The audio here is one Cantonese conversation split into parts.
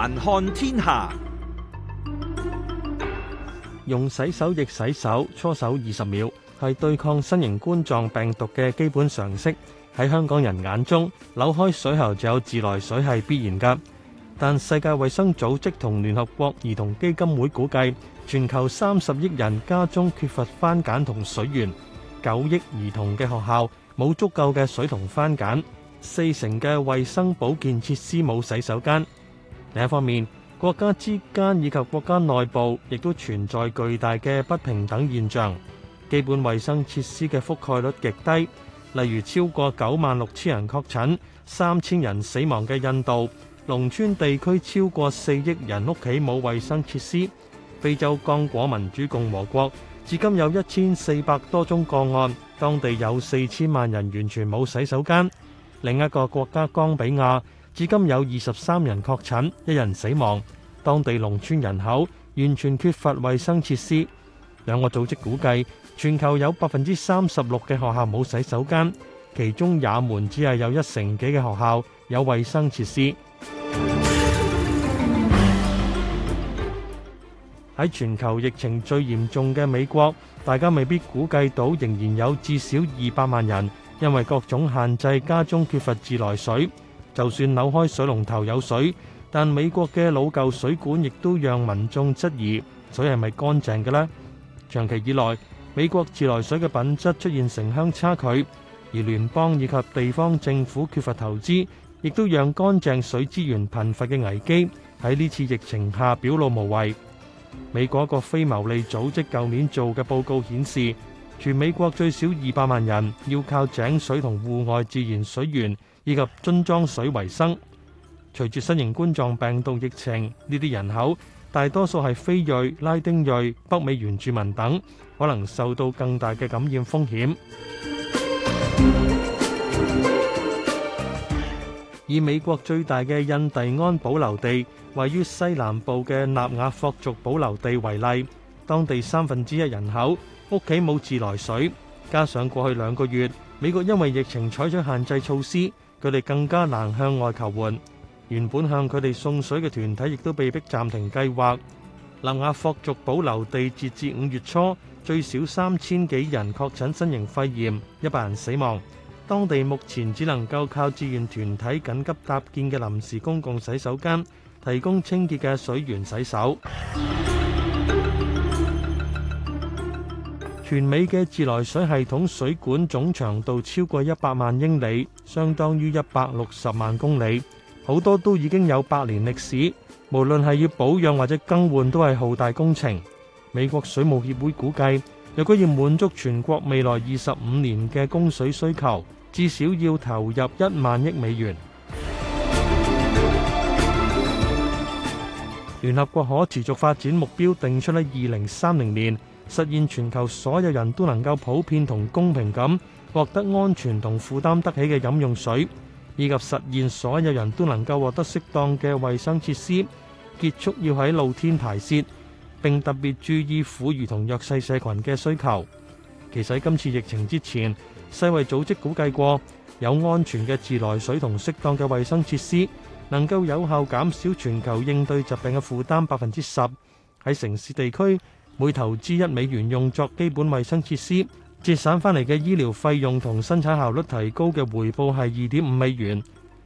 環看天下，用洗手液洗手、搓手二十秒，係對抗新型冠狀病毒嘅基本常識。喺香港人眼中，扭開水喉就有自來水係必然㗎。但世界衛生組織同聯合國兒童基金會估計，全球三十億人家中缺乏番梘同水源，九億兒童嘅學校冇足夠嘅水同番梘，四成嘅衛生保健設施冇洗手間。另一方面，國家之間以及國家內部亦都存在巨大嘅不平等現象，基本衛生設施嘅覆蓋率極低。例如超過九萬六千人確診、三千人死亡嘅印度，農村地區超過四億人屋企冇衛生設施。非洲剛果民主共和國至今有一千四百多宗個案，當地有四千萬人完全冇洗手間，另一個國家岡比亞，至今有二十三人確診，一人死亡。當地農村人口完全缺乏衛生設施。兩個組織估計全球有百分之三十六嘅學校冇洗手間，其中也門只係有一成幾嘅學校有衛生設施。喺 全球疫情最嚴重嘅美國，大家未必估計到，仍然有至少二百萬人因為各種限制，家中缺乏自來水。就算扭開水龍頭有水，但美國嘅老舊水管亦都讓民眾質疑水係咪乾淨嘅咧？長期以來，美國自來水嘅品質出現城鄉差距，而聯邦以及地方政府缺乏投資，亦都讓乾淨水資源貧乏嘅危機喺呢次疫情下表露無遺。美國一個非牟利組織舊年做嘅報告顯示。全美國最少二百萬人要靠井水同戶外自然水源以及樽裝水為生。隨住新型冠狀病毒疫情，呢啲人口大多數係非裔、拉丁裔、北美原住民等，可能受到更大嘅感染風險。以美國最大嘅印第安保留地，位於西南部嘅納瓦霍族保留地為例，當地三分之一人口。屋企冇自來水，加上過去兩個月美國因為疫情採取限制措施，佢哋更加難向外求援。原本向佢哋送水嘅團體亦都被迫暫停計劃。南亞霍族保留地截至五月初，最少三千幾人確診新型肺炎，一百人死亡。當地目前只能夠靠志願團體緊急搭建嘅臨時公共洗手間，提供清潔嘅水源洗手。全美嘅自來水系統水管總長度超過一百萬英里，相當於一百六十萬公里，好多都已經有百年歷史。無論係要保養或者更換，都係浩大工程。美國水務協會估計，若果要滿足全國未來二十五年嘅供水需求，至少要投入一萬億美元。 聯合國可持續發展目標定出喺二零三零年。實現全球所有人都能夠普遍同公平咁獲得安全同負擔得起嘅飲用水，以及實現所有人都能夠獲得適當嘅衛生設施，結束要喺露天排泄。並特別注意苦於同弱勢社群嘅需求。其實喺今次疫情之前，世衛組織估計過，有安全嘅自來水同適當嘅衛生設施，能夠有效減少全球應對疾病嘅負擔百分之十。喺城市地區，每投資一美元用作基本衛生設施，節省翻嚟嘅醫療費用同生產效率提高嘅回報係二點五美元；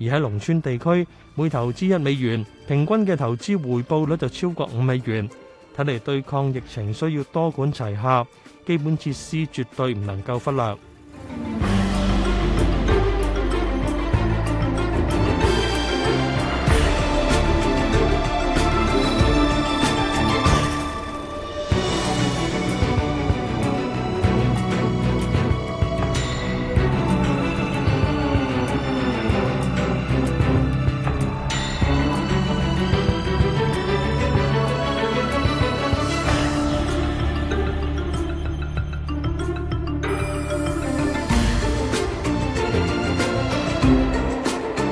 而喺農村地區，每投資一美元，平均嘅投資回報率就超過五美元。睇嚟對抗疫情需要多管齊下，基本設施絕對唔能夠忽略。